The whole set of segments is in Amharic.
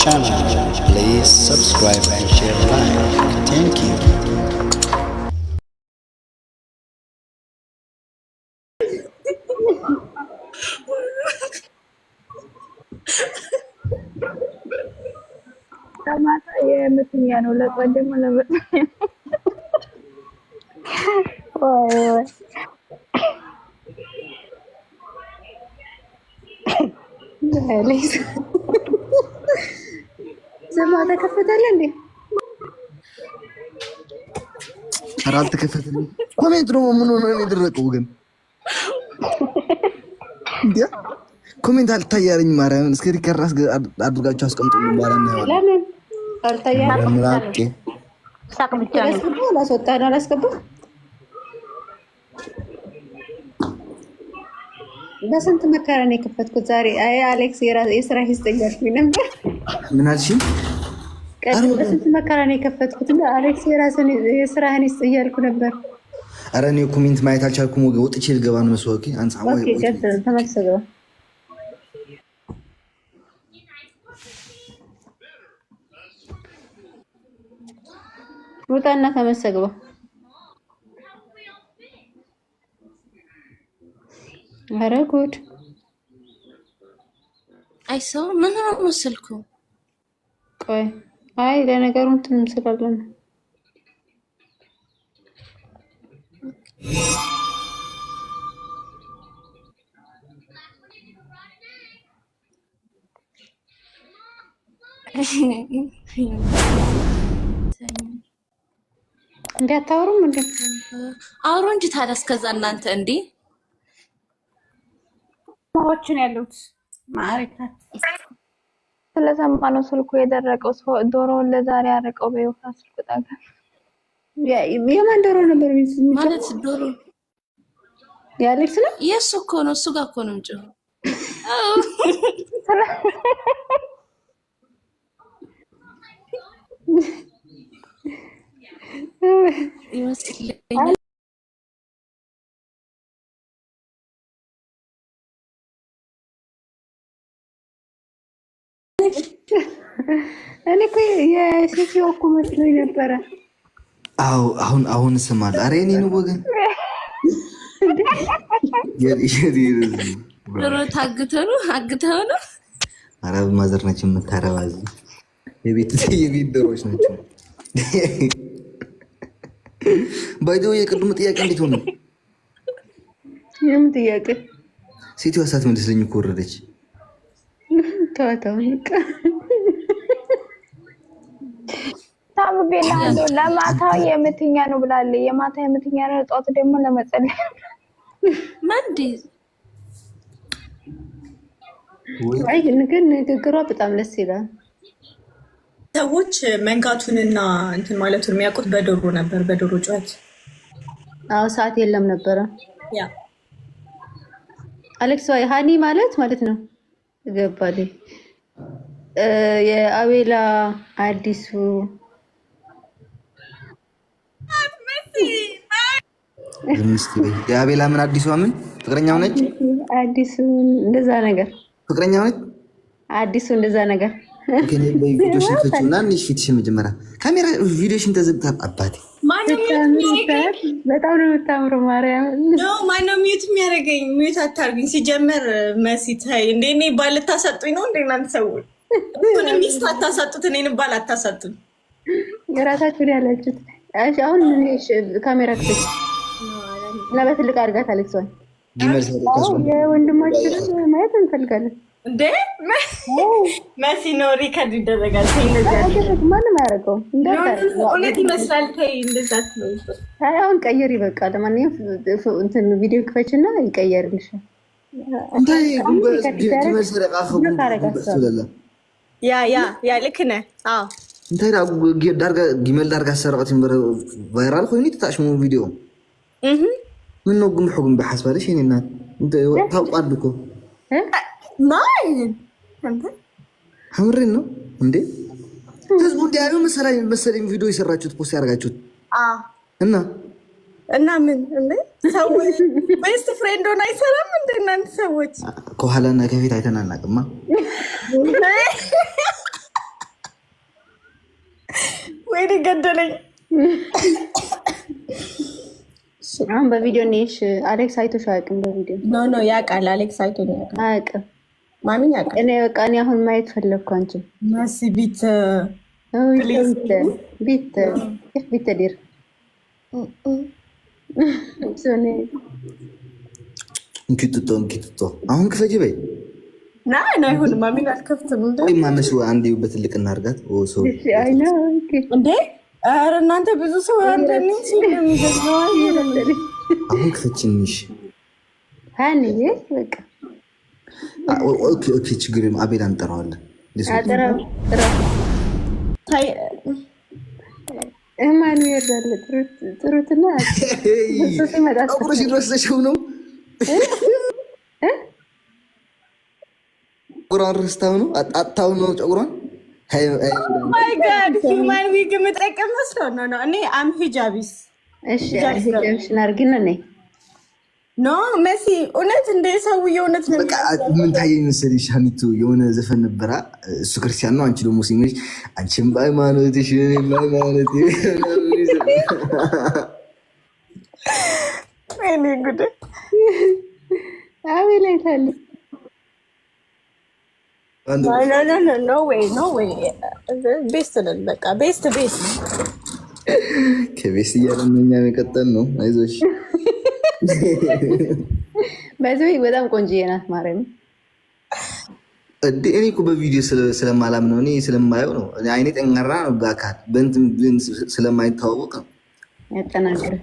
channel. Please subscribe and share like. Thank you. Tama ka, ከፈታለ እንዴ? ኧረ ተከፈተልኝ። ኮሜንት ደግሞ ምን ሆነ ነው የደረቀው? ግን እንዴ ኮሜንት አልታያለኝ። ማርያምን እስከ ሪከር አድርጋችሁ አስቀምጡልኝ። በኋላ ነው ለምን አልታያለኝ? በስንት መከራ ነው የከፈትኩት ዛሬ። አይ አሌክስ የስራ ሂስተኛ ነበር። ምን አልሽኝ? ስንት መከራ ነው የከፈትኩት። አሌክስ የስራህን ይስጥ እያልኩ ነበር። ኧረ እኔ ኮሜንት ማየት አልቻልኩም። ወገ ወጥቼ ልገባ ነው መስዋዕት ተመሰገ ሩጣና ተመሰግባ ኧረ ጉድ! አይ ሰው ምን ነው ስልኩ ቆይ አይ ለነገሩ እንትን ስላለን እንዴ አታወሩም እንዴ? አውሩ እንጂ ታዲያ። እስከዛ እናንተ እንዴ ማዎችን ያሉት ማሪካት ስለሰማ ነው ስልኩ የደረቀው። ዶሮውን ለዛሬ ያረቀው በይወፍራ ስልኩ ጠጋ የማን ዶሮ ነበር ማለት ዶሮ የአሌክስ ነው። የእሱ እኮ ነው። እሱ ጋር እኮ ነው እንጂ ይመስለኛል እኔ እኮ የሴትዮ እኮ መስሎኝ ነበረ። አዎ አሁን አሁን ስማል። አረ እኔ ነው ወገን ሮ ታግተው ነው አግተው ነው። አረብ ማዘር ናቸው የምታረባ የቤት ዶሮች ናቸው። ባይዶ የቅድሙ ጥያቄ እንዴት ሆነ? የምን ጥያቄ? ሴትዮዋ ሳትመልስልኝ እኮ ወረደች። ተዋታውን አንብቤላ ለማታ የምትኛ ነው ብላለች። የማታ የምትኛ ነው፣ ጠዋት ደግሞ ለመጸለይ መንዲ ወይ ግን ንግግሯ በጣም ደስ ይላል። ሰዎች መንጋቱንና እንትን ማለቱን የሚያውቁት በዶሮ ነበር፣ በዶሮ ጩኸት። አዎ ሰዓት የለም ነበረ። ያ አሌክስ ዋይ ሀኒ ማለት ማለት ነው ገባልኝ። የአቤላ አዲሱ የአቤላ ምን አዲሷ ምን ፍቅረኛው ነች? አዲሱ እንደዛ ነገር ፍቅረኛው ነች። አዲሱ እንደዛ ነገር ፊትሽን መጀመሪያ ካሜራ ቪዲዮሽን ተዘግታ አባቴ በጣም ነው ማርያም ማነው ሚዩት የሚያደርገኝ? ሚዩት አታርጉኝ። ሲጀመር እኔ ባል ነው እናንተ ሰዎች ሚስት አታሳጡት፣ ባል አታሳጡኝ። የራሳችሁን ያላችሁት አሁን ካሜራ ክፍል እና በትልቅ አድርጋታለች። ሰዋል የወንድማችንን ማየት እንፈልጋለን። እንደ መሲ ነው ሪከርድ ይደረጋል። ማንም አያደርገውም። እውነት ይመስላል። አሁን ቀይር ይበቃ። ለማንኛውም እንትን ቪዲዮ ክፈችና ይቀየርልሻል። ያ ያ ያ ልክ ነህ። ዳርጋ ጊመል ዳርጋ ሰረቀት ቫይራል ኮይኑ ተታሽሙ ቪዲዮ ምነው ግምሑግም ብሓስባለሽ የእኔ እናት ታውቋል እኮ ከምሬን ነው እንዴ ህዝቡ እንዲያዩ መሰለኝ ቪዲዮ የሰራችሁት ፖስት ያደርጋችሁት እና እና ምን ሰዎች ቤስት ፍሬንድ አይሰራም እንደ እናንተ ሰዎች ከኋላና ከፊት አይተናናቅማ ወይኔ ገደለኝ አሁን በቪዲዮ ኔሽ አሌክስ አይቶሽ አያውቅም። በቪዲዮ ኖ ኖ ያውቃል። አሌክስ አይቶ አያውቅም። ማሚኝ ያውቃል። እኔ በቃ እኔ አሁን ማየት ፈለግኩ። አንቺ መሲ ቢት ቢት ቢት ዲር እንኪጥጦ እንኪጥጦ አሁን ክፈጅ በይ ናይን አይሆንም። ማሚን አልከፍትም። እንደ ማመስ አንዴ በትልቅ እናርጋት ሰው እንዴ ኧረ እናንተ ብዙ ሰው እንደኔ አሁን ክፈችንሽ ኦኬ፣ ችግር አቤል አንጠራዋለን። ማኑኤል አለ ጥሩትና ረስተሽው ነው ጸጉሯን ረስታው ነው አጣታው ነው ጸጉሯን ማን oh ዊግ የምጠቀም መስሎ ነው ነው። እኔ አም ሂጃቢስ ሽናርግን ነ ኖ መሲ እውነት እንደ ሰውዬው እውነት ነው። ምን ታየኝ መሰለሽ ሀኒቱ የሆነ ዘፈን ነበራ። እሱ ክርስቲያን ነው፣ አንቺ ደግሞ ሙስሊም ነሽ። አንቺም በሃይማኖትሽ በሃይማኖት ጉድ አቤላይታለሁ ኖ ዌይ ኖ ዌይ ቤስት ነን። በቃ ቤስት ቤስት ከቤስት እኛ መቀጠል ነው። አይዞሽ በዚህ በጣም ቆንጆዬ ናት ማርያምን እንዴ እኔ እኮ በቪዲዮ ስለማላም ነው፣ እኔ ስለማየው ነው። አይኔ ጠንካራ ነው፣ በአካል በእንትን ስለማይታወቅ ነው ያጠናግረው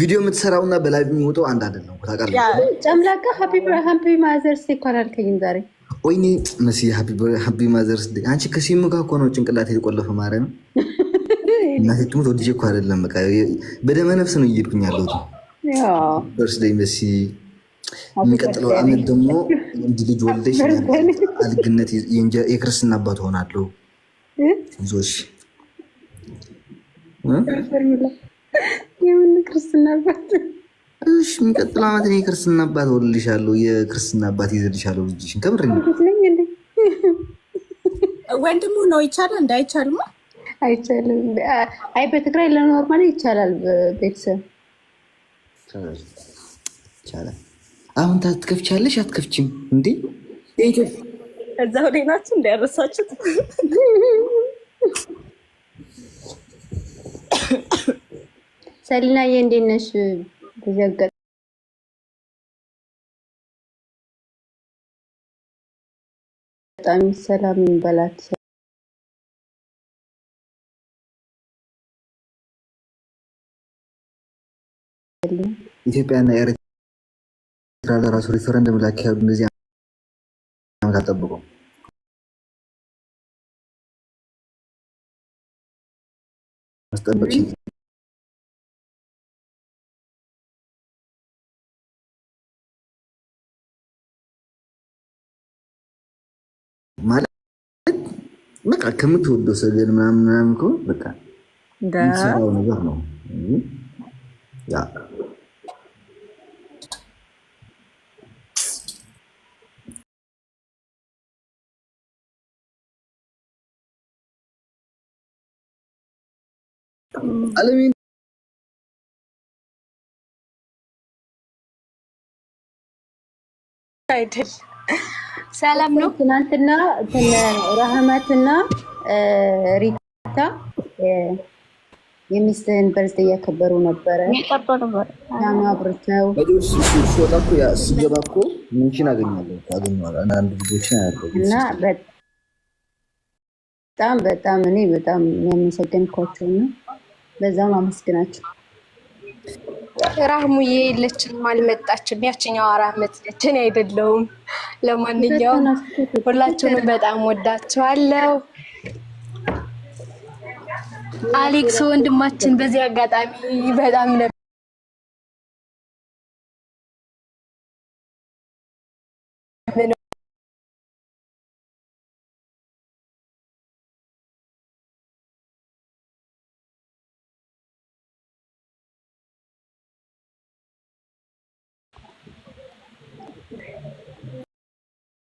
ቪዲዮ የምትሰራውና በላይቭ የሚወጣው አንድ አይደለም። ታውቃለህ ጨምላቃ ሀፒ ማዘርስ ይኳል አልከኝም ዛሬ ወይኔ መሲ ሀፒ ማዘርስ አንቺ ከሲሙ ጋር እኮ ነው ጭንቅላት የተቆለፈ ማርያም እናቴ ትሙት ወድጄ እኮ አይደለም። በቃ በደመ ነፍስ ነው እየሄድኩኝ ያለሁት። በርስዴይ መሲ፣ የሚቀጥለው አመት ደግሞ እንዲ ልጅ ወልደሽ አልግነት የክርስትና አባት ሆናለሁ። ብዙዎች የምን ክርስትና አባት? እሺ የሚቀጥለው ዓመት እኔ የክርስትና አባት ወልልሻለሁ። የክርስትና አባት ይዘልሻለሁ ልጅሽን። ከምር ወንድሙ ነው። ይቻላል እንደ አይቻልማ፣ አይቻልም። አይ በትግራይ ለኖርማል ይቻላል። ቤተሰብ ይቻላል። አሁን ታትከፍቻለሽ አትከፍችም እንዴ? እዛው ላይ እንዳያረሳችሁት ሰሊናዬ እንዴት ነሽ? ዘገጥ በጣም ሰላም እንበላት። ኢትዮጵያና ኤርትራ ለራሱ ሪፈረንደም ላካሄዱ እንደዚህ ዓመት አልጠብቁም። ማስጠበቅ ማለት በቃ ከምትወደው ሰገን ምናምን ምናምን ከሆነ በቃ የሚሰራው ነገር ነው። አለሜን ሰላም ነው። ትናንትና ረህመትና ሪታ የሚስትህን በርዝ እያከበሩ ነበረ። ማብርተው ሲወጣ ስገባ እኮ ምንችን አገኛለሁ አንድ ልጆችን እና በጣም በጣም እኔ በጣም የሚያመሰገንኳቸው ነው። በዛም አመስግናቸው። ራህሙዬ የለችም አልመጣችም። ያችኛዋ ራህመት ነች፣ አይደለውም። ለማንኛውም ሁላችሁንም በጣም ወዳችኋለሁ። አሌክስ ወንድማችን በዚህ አጋጣሚ በጣም ነበር